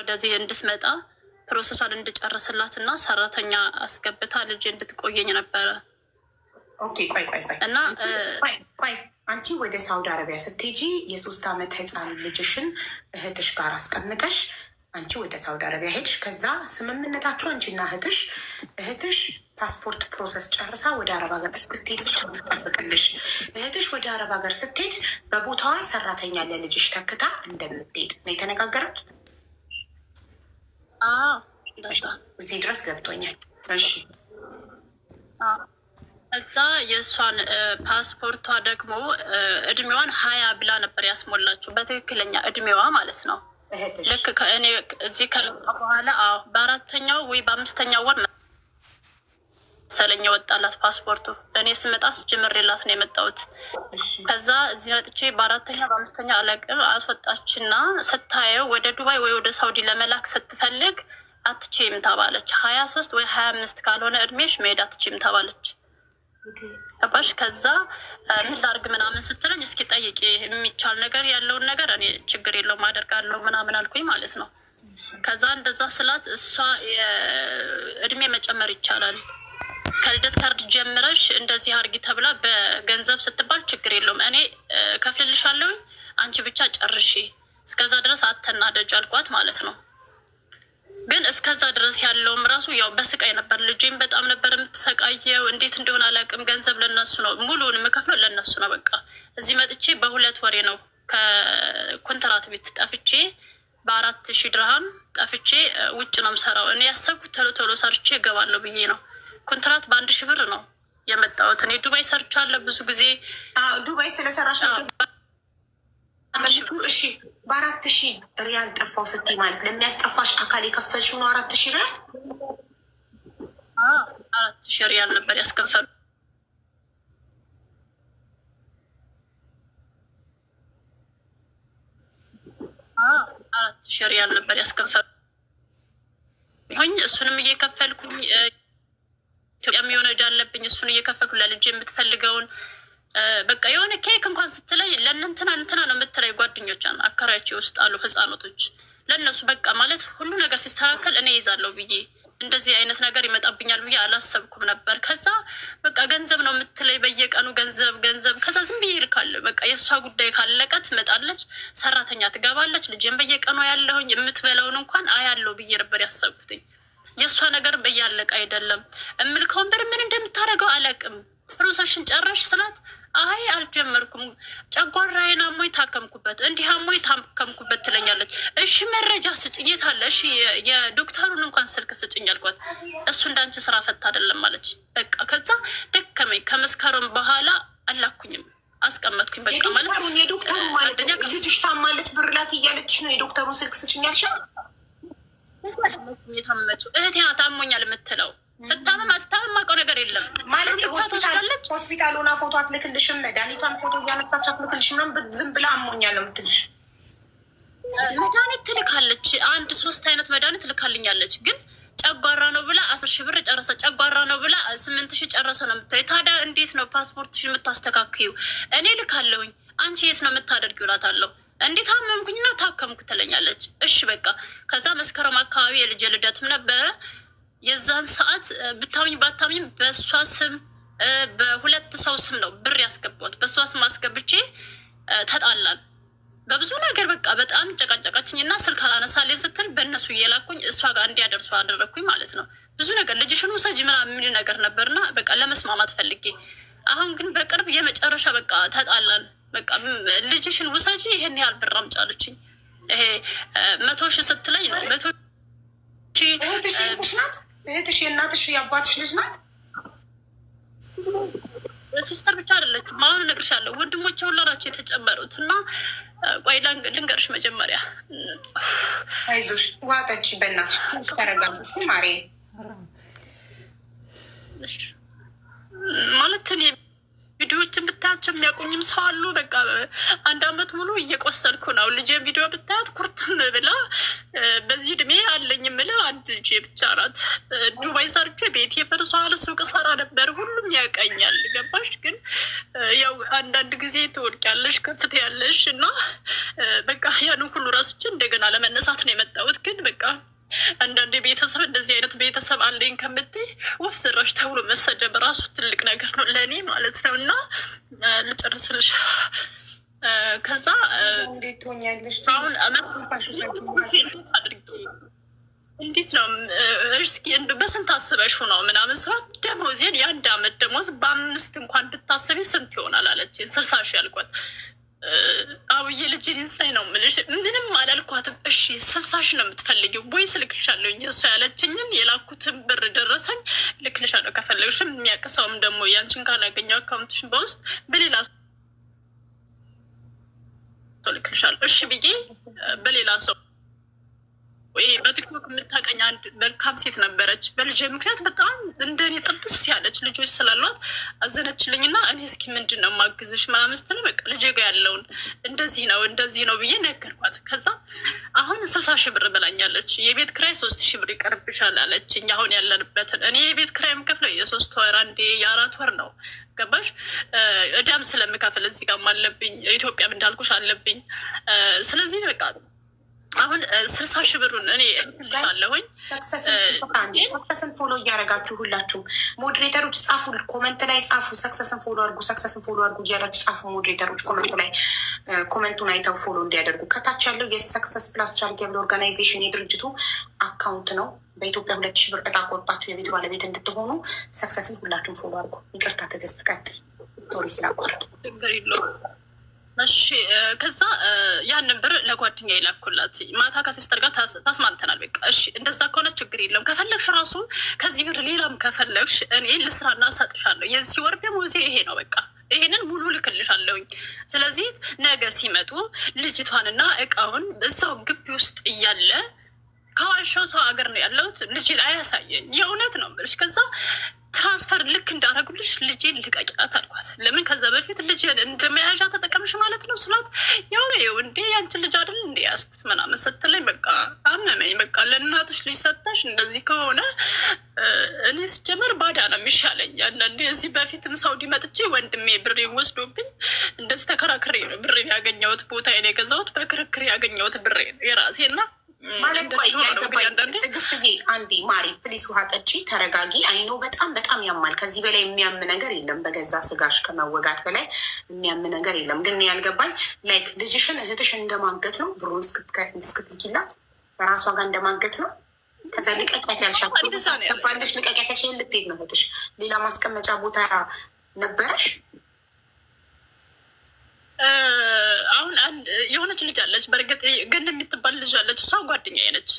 ወደዚህ እንድትመጣ ፕሮሰሷን እንድጨርስላት እና ሰራተኛ አስገብታ ልጅ እንድትቆየኝ ነበረ። እና ቆይ አንቺ ወደ ሳውዲ አረቢያ ስትሄጂ የሶስት ዓመት ህፃን ልጅሽን እህትሽ ጋር አስቀምጠሽ አንቺ ወደ ሳውዲ አረቢያ ሄድሽ። ከዛ ስምምነታችሁ አንቺና እህትሽ እህትሽ ፓስፖርት ፕሮሰስ ጨርሳ ወደ አረብ ሀገር ስትሄድ ብቻ እህትሽ ወደ አረብ ሀገር ስትሄድ በቦታዋ ሰራተኛ ለልጅሽ ተክታ እንደምትሄድ ነው የተነጋገራችሁ። እዚህ ድረስ ገብቶኛል። እሺ እዛ የእሷን ፓስፖርቷ ደግሞ እድሜዋን ሀያ ብላ ነበር ያስሞላችሁ፣ በትክክለኛ እድሜዋ ማለት ነው። ልክ ከእኔ እዚህ ከመጣ በኋላ በአራተኛው ወይ በአምስተኛው ወር ሰለኝ ወጣላት ፓስፖርቱ። እኔ ስመጣ አስጀምሬላት ነው የመጣሁት። ከዛ እዚህ መጥቼ በአራተኛ በአምስተኛ አለቅም አስወጣችና ስታየው ወደ ዱባይ ወይ ወደ ሳውዲ ለመላክ ስትፈልግ አትችም ተባለች። ሀያ ሶስት ወይ ሀያ አምስት ካልሆነ እድሜሽ መሄድ አትችም ተባለች። ገባሽ? ከዛ ምን ላድርግ ምናምን ስትለኝ እስኪ ጠይቂ የሚቻል ነገር ያለውን ነገር እኔ ችግር የለውም አደርጋለሁ ምናምን አልኩኝ ማለት ነው። ከዛ እንደዛ ስላት እሷ እድሜ መጨመር ይቻላል ከልደት ካርድ ጀምረሽ እንደዚህ አርጊ ተብላ በገንዘብ ስትባል ችግር የለውም እኔ ከፍልልሻለሁ፣ አንቺ ብቻ ጨርሺ፣ እስከዛ ድረስ አተናደጅ አልኳት ማለት ነው። ግን እስከዛ ድረስ ያለውም ራሱ ያው በስቃይ ነበር። ልጅም በጣም ነበር የምትሰቃየው። እንዴት እንደሆነ አላውቅም። ገንዘብ ለነሱ ነው፣ ሙሉውን የምከፍለው ለነሱ ነው። በቃ እዚህ መጥቼ በሁለት ወሬ ነው ከኮንትራት ቤት ጠፍቼ በአራት ሺህ ድርሃም ጠፍቼ ውጭ ነው የምሰራው። እኔ ያሰብኩት ቶሎ ቶሎ ሰርቼ እገባለሁ ብዬ ነው ኮንትራት በአንድ ሺህ ብር ነው የመጣሁት እኔ ዱባይ ሰርቻለሁ። ብዙ ጊዜ ዱባይ ስለሰራሽ እሺ፣ በአራት ሺህ ሪያል ጠፋው ስትይ ማለት ለሚያስጠፋሽ አካል የከፈልሽው ነው። አራት ሺህ ሪያል አራት ሺህ ሪያል ነበር ያስከፈሉ አራት ሺህ ሪያል ነበር ያስከፈሉ ሆኝ እሱንም እየከፈልኩኝ ኢትዮጵያ የሆነ እዳ አለብኝ እሱን እየከፈልኩ ለልጅ የምትፈልገውን በቃ የሆነ ኬክ እንኳን ስትለይ ለእንትና እንትና ነው የምትለይ። ጓደኞቿ አካራች ውስጥ አሉ ህፃኖቶች ለእነሱ በቃ ማለት ሁሉ ነገር ሲስተካከል እኔ ይዛለሁ ብዬ እንደዚህ አይነት ነገር ይመጣብኛል ብዬ አላሰብኩም ነበር። ከዛ በቃ ገንዘብ ነው የምትለይ በየቀኑ ገንዘብ ገንዘብ። ከዛ ዝም ብዬ ይልካል በቃ የእሷ ጉዳይ ካለቀ ትመጣለች፣ ሰራተኛ ትገባለች። ልጅም በየቀኑ ያለሁኝ የምትበላውን እንኳን አያለው ብዬ ነበር ያሰብኩትኝ። የእሷ ነገር እያለቀ አይደለም። እምልከውን ብር ምን እንደምታደርገው አላውቅም። ፕሮሰሽን ጨረሽ ስላት አይ አልጀመርኩም፣ ጨጓራዬን አሞኝ ታከምኩበት፣ እንዲህ አሞኝ ታከምኩበት ትለኛለች። እሺ መረጃ ስጭኝ፣ የት አለ? እሺ የዶክተሩን እንኳን ስልክ ስጭኝ አልኳት። እሱ እንዳንቺ ስራ ፈት አይደለም አለች። በቃ ከዛ ደከመኝ። ከመስከረም በኋላ አላኩኝም፣ አስቀመጥኩኝ። በቃ ማለት የዶክተሩ ማለት ልጅሽ ታማለች ብር ላክ እያለች ነው የዶክተሩን ስልክ ስጭኝ አልሻት እህቴ ታሞኛል የምትለው ትታመም አትታመም ነገር የለም። ማለት ሆስፒታል ሆና ፎቶ አትልክልሽም፣ መድኃኒቷን ፎቶ እያነሳች አትልክልሽም። ዝም ብላ አሞኛል የምትልሽ። መድኃኒት ትልካለች። አንድ ሶስት አይነት መድኃኒት ትልካልኛለች። ግን ጨጓራ ነው ብላ አስር ሺህ ብር ጨረሰ። ጨጓራ ነው ብላ ስምንት ሺህ ጨረሰ ነው የምትለኝ። ታዲያ እንዴት ነው ፓስፖርትሽ የምታስተካክዩ? እኔ ልካለሁኝ፣ አንቺ የት ነው የምታደርጊው እላታለሁ። እንዴት አመምኩኝና ታከምኩ ትለኛለች። እሺ በቃ ከዛ መስከረም አካባቢ የልጅ ልደትም ነበረ። የዛን ሰዓት ብታምኝ ባታምኝ በእሷ ስም በሁለት ሰው ስም ነው ብር ያስገባት። በእሷ ስም አስገብቼ ተጣላን በብዙ ነገር በቃ በጣም ጨቃጨቃችኝ እና ስልክ አላነሳልኝ ስትል በእነሱ እየላኩኝ እሷ ጋር እንዲያደርሱ አደረግኩኝ ማለት ነው። ብዙ ነገር ልጅሽን ውሰጅ ምናምን የሚል ነገር ነበርና በቃ ለመስማማት ፈልጌ አሁን ግን በቅርብ የመጨረሻ በቃ ተጣላን። በቃ ልጅሽን ውሰጂ ይሄን ያህል ብር አምጪ አለችኝ። ይሄ መቶ ሺህ ስትለኝ ነው መቶ ሺህ እህትሽ የእናትሽ የአባትሽ ልጅ ናት። ሲስተር ብቻ አይደለችም። አሁን እነግርሻለሁ። ወንድሞቼ ሁላ ናቸው የተጨመሩት። እና ቆይ ልንገርሽ መጀመሪያ አይዞሽ፣ ዋጠች በእናትሽ ተረጋጉ ማሬ የሚያውቁኝም ሰው አሉ። በቃ አንድ አመት ሙሉ እየቆሰልኩ ነው። ልጄን ቪዲዮ ብታያት ኩርትም ብላ በዚህ እድሜ አለኝ የምልህ አንድ ልጄ ብቻ ናት። ዱባይ ሰርቼ ቤት የፈርሷል። ሱቅ ሰራ ነበር። ሁሉም ያውቀኛል። ገባሽ? ግን ያው አንዳንድ ጊዜ ትወድቂያለሽ፣ ከፍት ያለሽ እና በቃ ያንን ሁሉ ራስችን እንደገና ለመነሳት ነው የመጣሁት። ግን በቃ አንዳንድ ቤተሰብ እንደዚህ ቤተሰብ አንደኝ ከምትይ ወፍ ሰራሽ ተብሎ መሰደብ ራሱ ትልቅ ነገር ነው ለእኔ ማለት ነው። እና ልጨርስልሽ። ከዛ እንዴት ነው እስኪ በስንት አስበሽ ነው ምናምን ስራት ደሞዜን የአንድ አመት ደሞዝ በአምስት እንኳን ብታስቢ ስንት ይሆናል አለች። ስልሳ ሺ ያልኳት አብዬ ልጅ ሊንሳይ ነው የምልሽ። ምንም አላልኳትም። እሺ ስልሳሽ ነው የምትፈልጊው ወይስ ልክልሻለሁ? እሱ ያለችኝን የላኩትን ብር ደረሰኝ ልክልሻለሁ። ከፈለግሽም የሚያቅሰውም ደግሞ ያንችን ካላገኘው አካውንትሽን በውስጥ በሌላ ሰው ልክልሻለሁ። እሺ ብዬ በሌላ ሰው በቲክቶክ የምታቀኝ አንድ መልካም ሴት ነበረች። በልጅ ምክንያት በጣም እንደ እኔ ጥብስ ያለች ልጆች ስላሏት አዘነችልኝ እና እኔ እስኪ ምንድን ነው ማግዝሽ ምናምን ስትለኝ በቃ ልጄ ጋ ያለውን እንደዚህ ነው እንደዚህ ነው ብዬ ነገርኳት። ከዛ አሁን ስልሳ ሺህ ብር ብላኛለች። የቤት ክራይ ሶስት ሺህ ብር ይቀርብሻል አለችኝ። አሁን ያለንበትን እኔ የቤት ክራይ የምከፍለው የሶስት ወር አንዴ የአራት ወር ነው ገባሽ? እዳም ስለምከፍል እዚህ ጋርም አለብኝ ኢትዮጵያም እንዳልኩሽ አለብኝ። ስለዚህ በቃ አሁን ስልሳ ሺህ ብሩን እኔ እልሻለሁኝ። ሰክሰስን ፎሎ እያደረጋችሁ ሁላችሁም ሞድሬተሮች ጻፉ፣ ኮመንት ላይ ጻፉ። ሰክሰስን ፎሎ አድርጉ፣ ሰክሰስን ፎሎ አድርጉ እያላችሁ ጻፉ። ሞድሬተሮች ኮመንት ላይ ኮመንቱን አይተው ፎሎ እንዲያደርጉ። ከታች ያለው የሰክሰስ ፕላስ ቻሪቴብል ኦርጋናይዜሽን የድርጅቱ አካውንት ነው። በኢትዮጵያ ሁለት ሺህ ብር እጣ ቆጣችሁ የቤት ባለቤት እንድትሆኑ ሰክሰስን ሁላችሁም ፎሎ አድርጉ። ይቅርታ ትዕግስት፣ ቀጥይ። ሶሪ ስላቋረጥ እሺ ከዛ ያንን ብር ለጓደኛ ይላኩላት። ማታ ከሲስተር ጋር ታስማምተናል። በቃ እሺ እንደዛ ከሆነ ችግር የለም። ከፈለግሽ ራሱ ከዚህ ብር ሌላም ከፈለግሽ እኔ ልስራና እሰጥሻለሁ። የዚህ ወር ደሞዜ ይሄ ነው። በቃ ይሄንን ሙሉ ልክልሻለሁኝ። ስለዚህ ነገ ሲመጡ ልጅቷንና እቃውን እዛው ግቢ ውስጥ እያለ ከዋሻው ሰው ሀገር ነው ያለሁት። ልጄን አያሳየኝ። የእውነት ነው የምልሽ። ከዛ ትራንስፈር ልክ እንዳደረጉልሽ ልጄን ልቀቂያት አልኳት። ለምን ከዛ በፊት ልጄን እንደመያዣ ተጠቀምሽ ማለት ነው ስላት፣ የሆነ ው እንዴ ያንቺን ልጅ አይደል እንዴ ያስኩት ምናምን ስትለኝ፣ በቃ አመመኝ። በቃ ለእናትሽ ልጅ ሰጥተሽ እንደዚህ ከሆነ እኔ ስጀመር ባዳ ነው የሚሻለኝ። አንዳንዴ እዚህ በፊትም ሳውዲ መጥቼ ወንድሜ ብሬ ወስዶብኝ እንደዚህ ተከራክሬ ነው ብሬን ያገኘሁት። ቦታ የገዛሁት በክርክር ያገኘሁት ብሬ ነው የራሴ ና ማለት ቆይ ትዕግስትዬ፣ አንዴ ማሪ ፕሊስ፣ ውሃ ጠጪ፣ ተረጋጊ። አይኖ በጣም በጣም ያማል። ከዚህ በላይ የሚያም ነገር የለም። በገዛ ስጋሽ ከመወጋት በላይ የሚያም ነገር የለም። ግን ያልገባኝ ላይክ ልጅሽን እህትሽን እንደማገት ነው ብሩን እስክትልኪላት በራሷ ጋር እንደማገት ነው። ከዛ ልቀቂያት ያልሻባልሽ ልቀቂያት ያልሽ ልትሄድ ነው እህትሽ። ሌላ ማስቀመጫ ቦታ ነበረሽ አሁን የሆነች ልጅ አለች፣ በእርግጥ ገን የምትባል ልጅ አለች። እሷ ጓደኛ ነች፣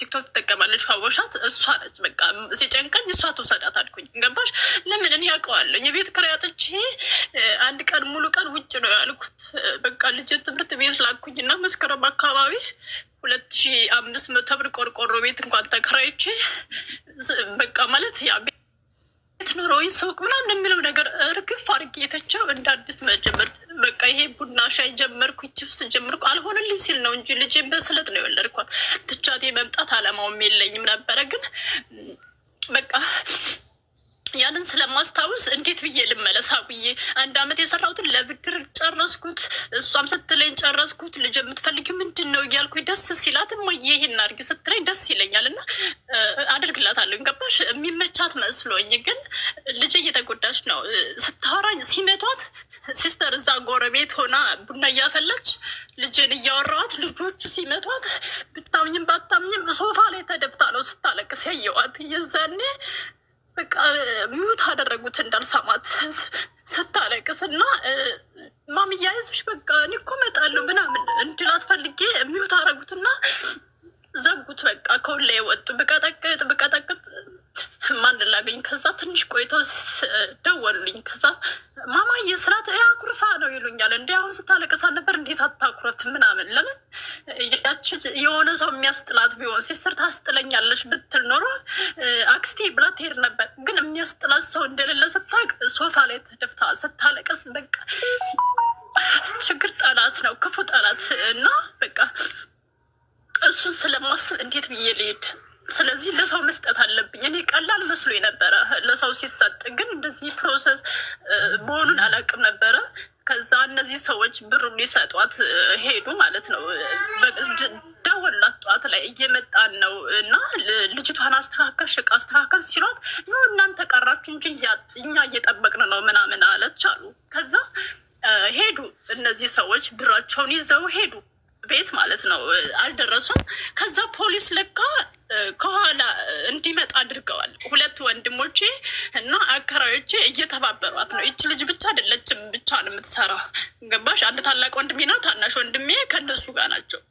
ቲክቶክ ትጠቀማለች። ሀቦሻት እሷ ነች። በቃ ሲጨንቀኝ እሷ ተውሰዳት አልኩኝ። ገባሽ? ለምን እኔ ያውቀዋለሁ። የቤት ኪራይ አጥቼ አንድ ቀን ሙሉ ቀን ውጭ ነው ያልኩት። በቃ ልጅን ትምህርት ቤት ላኩኝ እና መስከረም አካባቢ ሁለት ሺ አምስት መቶ ብር ቆርቆሮ ቤት እንኳን ተከራይቼ በቃ ማለት ያ ወይ ሰውቅ ምናምን የሚለው ነገር እርግፍ አድርጌ የተቸው እንደ አዲስ መጀመር በቃ ይሄ ቡና ሻይ ጀመርኩ፣ ችብስ ጀመርኩ። አልሆንልኝ ሲል ነው እንጂ ልጄን በስለት ነው የወለድኳት። ትቻቴ መምጣት አላማውም የለኝም ነበረ ግን በቃ ያንን ስለማስታወስ እንዴት ብዬ ልመለስ ብዬ አንድ አመት የሰራሁትን ለብድር ጨረስኩት። እሷም ስትለኝ ጨረስኩት። ልጅ የምትፈልጊው ምንድን ነው እያልኩ ደስ ሲላት እማዬ ይሄን አድርጊ ስትለኝ ደስ ይለኛል እና አደርግላታለሁ። ገባሽ? የሚመቻት መስሎኝ ግን ልጅ እየተጎዳች ነው። ስታወራኝ ሲመቷት ሲስተር እዛ ጎረቤት ሆና ቡና እያፈላች ልጅን እያወራዋት ልጆቹ ሲመቷት ብታምኝም ባታምኝም ሶፋ ላይ ተደብታ ነው ስታለቅስ ያየዋት የዛኔ በቃ ሚዩት አደረጉት እንዳልሰማት ስታለቅስ እና ማሚያ በቃ እኔ እኮ እመጣለሁ ምናምን እንድላት ፈልጌ ሚዩት አደረጉትና ዘጉት። በቃ ከሁላ የወጡ ብቀጠቅጥ ብቀጠቅጥ ማንድ ላገኝ። ከዛ ትንሽ ቆይተው ደወሉልኝ። ከዛ ማማዬ ስራት አኩርፋ ነው ይሉኛል። እንዲ አሁን ስታለቅሳ ነበር እንዴት አታኩረት ምናምን። ለምን ያች የሆነ ሰው የሚያስጥላት ቢሆን ሲስር ታስጥለኛለች ብትል ኖሮ አክስቴ ብላ ትሄድ ነበር የሚያስጥላት ሰው እንደሌለ ስታቅ ሶፋ ላይ ተደፍታ ስታለቀስ በቃ ችግር ጠላት ነው፣ ክፉ ጠላት እና በቃ እሱን ስለማስብ እንዴት ብዬ ልሄድ? ስለዚህ ለሰው መስጠት አለብኝ። እኔ ቀላል መስሎ ነበረ ለሰው ሲሰጥ፣ ግን እንደዚህ ፕሮሰስ መሆኑን አላውቅም ነበረ። ከዛ እነዚህ ሰዎች ብሩ ሊሰጧት ሄዱ ማለት ነው። ጠዋት ላይ እየመጣን ነው እና ልጅቷን አስተካከል ሽቅ አስተካከል ሲሏት ኖ እናንተ ቀራችሁ እንጂ እኛ እየጠበቅን ነው ምናምን አለች አሉ። ከዛ ሄዱ እነዚህ ሰዎች ብራቸውን ይዘው ሄዱ ቤት ማለት ነው። አልደረሱም። ከዛ ፖሊስ ለካ ከኋላ እንዲመጣ አድርገዋል። ሁለት ወንድሞቼ እና አከራዮቼ እየተባበሯት ነው። ይች ልጅ ብቻ አይደለችም ብቻ ነው የምትሰራ ገባሽ? አንድ ታላቅ ወንድሜና ታናሽ ወንድሜ ከነሱ ጋር ናቸው።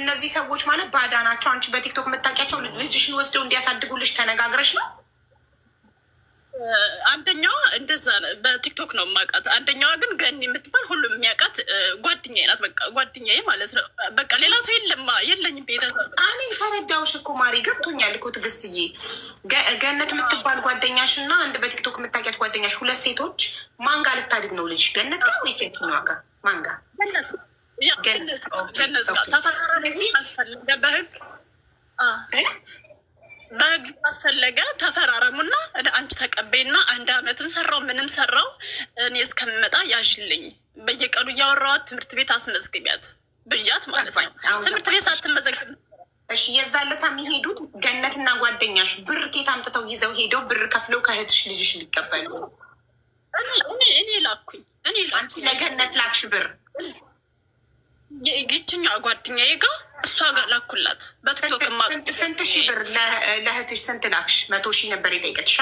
እነዚህ ሰዎች ማለት ባዳ ናቸው። አንቺ በቲክቶክ የምታውቂያቸው ልጅሽን ወስደው እንዲያሳድጉልሽ ተነጋግረሽ ነው። አንደኛዋ እንደዛ በቲክቶክ ነው የማውቃት። አንደኛዋ ግን ገኒ የምትባል ሁሉም የሚያውቃት ጓደኛዬ ናት። በቃ ጓደኛዬ ማለት ነው። በቃ ሌላ ሰው የለማ የለኝም። ቤተሰብ እኔ ተረዳሁሽ እኮ ማሪ፣ ገብቶኛል እኮ ትዕግስትዬ። ገነት የምትባል ጓደኛሽ እና አንድ በቲክቶክ የምታውቂያት ጓደኛሽ፣ ሁለት ሴቶች ማንጋ ልታድግ ነው ልጅ? ገነት ጋር ወይ ሴት ጋር ማንጋ? ጋር? በህግ ካስፈለገ ተፈራረሙና አንቺ ተቀበይና አንድ አመትም ሰራው ምንም ሰራው እኔ እስከምመጣ ያዥልኝ በየቀኑ እያወራዋት ትምህርት ቤት አስመዝግቢያት ብያት ማለት ነው። ትምህርት ቤት ሳትመዘግብ እሺ፣ የዛ ለታ የሚሄዱት ገነትና ጓደኛሽ ብር ኬት አምጥተው ይዘው ሄደው ብር ከፍለው ከእህትሽ ልጅሽ ሊቀበሉ እኔ ላኩኝ። እኔ ላኩኝ አንቺ ለገነት ላክሽ ብር የግችኛዋ ጓደኛዬ ጋ እሷ ጋር ላኩላት። በትቶ ስንት ሺህ ብር ለእህትሽ ስንት ላክሽ? መቶ ሺህ ነበር የጠየቀትሻ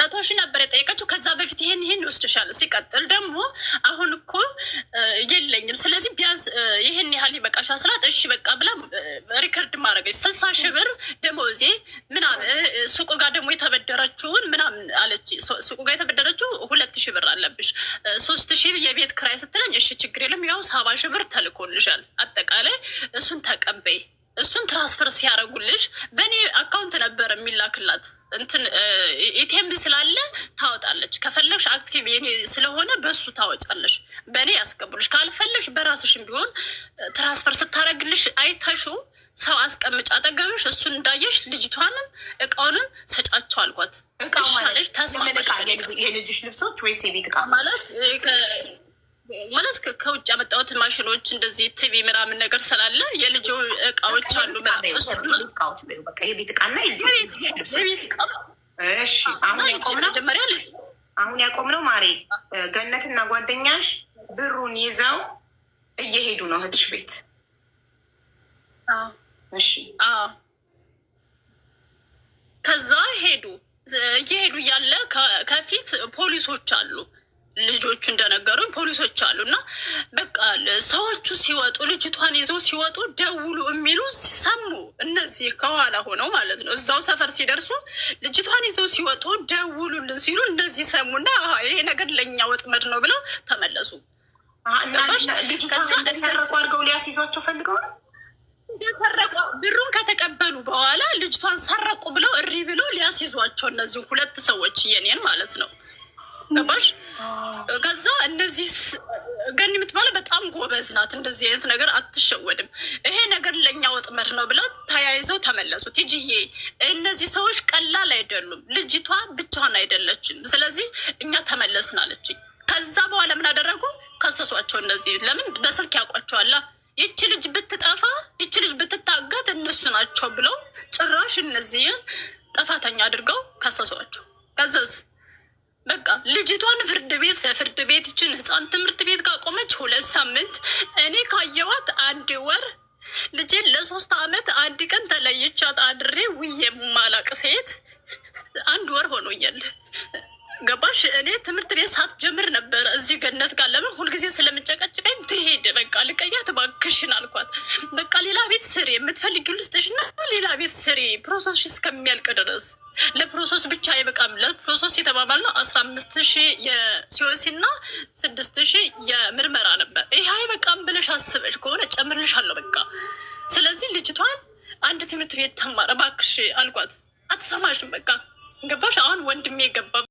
መቶ ሺህ ነበር የጠየቀችው። ከዛ በፊት ይሄን ይሄን ይወስድሻል። ሲቀጥል ደግሞ አሁን እኮ የለኝም፣ ስለዚህ ቢያንስ ይህን ያህል ይበቃሽ ስላት እሺ በቃ ብላ ሪከርድ ማድረገች። ስልሳ ሺህ ብር ደሞዜ ምናምን ሱቁ ጋር ደግሞ የተበደረችውን ምናምን አለች። ሱቁ ጋር የተበደረችው ሁለት ሺህ ብር አለብሽ፣ ሶስት ሺህ የቤት ክራይ ስትለኝ እሺ ችግር የለም ያው ሰባ ሺህ ብር ተልኮልሻል፣ አጠቃላይ እሱን ተቀበይ እሱን ትራንስፈር ሲያደርጉልሽ በእኔ አካውንት ነበር የሚላክላት። እንትን ኤቲኤም ስላለ ታወጣለች። ከፈለግሽ አክቲቭ የኔ ስለሆነ በሱ ታወጫለሽ፣ በእኔ ያስገቡልሽ። ካልፈለግሽ በራስሽም ቢሆን ትራንስፈር ስታደርግልሽ አይተሹ ሰው አስቀምጫ አጠገብሽ። እሱን እንዳየሽ ልጅቷንም እቃውንም ሰጫቸው አልኳት። እቃ ማለት የልጅሽ ልብሶች ወይስ የቤት እቃ ማለት ማለት ከውጭ ያመጣሁት ማሽኖች እንደዚህ ቲቪ ምናምን ነገር ስላለ የልጆ እቃዎች አሉ። የቤት እቃና አሁን ያቆምነው ማሬ ገነትና ጓደኛሽ ብሩን ይዘው እየሄዱ ነው እህትሽ ቤት። እሺ ከዛ ሄዱ እየሄዱ እያለ ከፊት ፖሊሶች አሉ ልጆቹ እንደነገሩኝ ፖሊሶች አሉ እና በቃ ሰዎቹ ሲወጡ ልጅቷን ይዘው ሲወጡ ደውሉ የሚሉ ሰሙ። እነዚህ ከኋላ ሆነው ማለት ነው። እዛው ሰፈር ሲደርሱ ልጅቷን ይዘው ሲወጡ ደውሉልን ሲሉ እነዚህ እና ይሄ ነገር ለእኛ ወጥመድ ነው ብለው ተመለሱ። እንደሰረቁ አድርገው ሊያስይዟቸው ፈልገው ነው። ብሩን ከተቀበሉ በኋላ ልጅቷን ሰረቁ ብለው እሪ ብለው ሊያስይዟቸው እነዚህ ሁለት ሰዎች የኔን ማለት ነው ገባሽ? ከዛ እንደዚህ ገኒ የምትባለ በጣም ጎበዝ ናት። እንደዚህ አይነት ነገር አትሸወድም። ይሄ ነገር ለእኛ ወጥመድ ነው ብለው ተያይዘው ተመለሱ። ቲጂዬ እነዚህ ሰዎች ቀላል አይደሉም። ልጅቷ ብቻዋን አይደለችም። ስለዚህ እኛ ተመለስን አለችኝ። ከዛ በኋላ ምን አደረጉ? ከሰሷቸው። እነዚህ ለምን በስልክ ያውቋቸዋላ። ይቺ ልጅ ብትጠፋ፣ ይቺ ልጅ ብትታገት እነሱ ናቸው ብለው ጭራሽ እነዚህን ጥፋተኛ አድርገው ከሰሷቸው። ከዘዝ በቃ ልጅቷን ፍርድ ቤት ለፍርድ ቤት ይችን ህፃን ትምህርት ቤት ካቆመች ሁለት ሳምንት እኔ ካየዋት አንድ ወር ልጄን ለሶስት አመት አንድ ቀን ተለይቻት አድሬ ውዬ የማላቅ ሴት አንድ ወር ሆኖኛል። ገባሽ? እኔ ትምህርት ቤት ሳትጀምር ነበረ እዚህ ገነት ጋር ለምን ሁልጊዜ ስለምጨቀጭ ልቀያት እባክሽን አልኳት። በቃ ሌላ ቤት ስሪ፣ የምትፈልጊውን ልስጥሽና ሌላ ቤት ስሪ፣ ፕሮሰስ እስከሚያልቅ ድረስ ለፕሮሰስ ብቻ አይበቃም። ለፕሮሰስ የተባባልነው አስራ አምስት ሺህ የሲኦሲ እና ስድስት ሺህ የምርመራ ነበር። ይህ አይበቃም ብለሽ አስበሽ ከሆነ ጨምርልሻለሁ በቃ። ስለዚህ ልጅቷን አንድ ትምህርት ቤት ተማረ እባክሽ አልኳት። አትሰማሽም በቃ ገባሽ? አሁን ወንድሜ ገባ።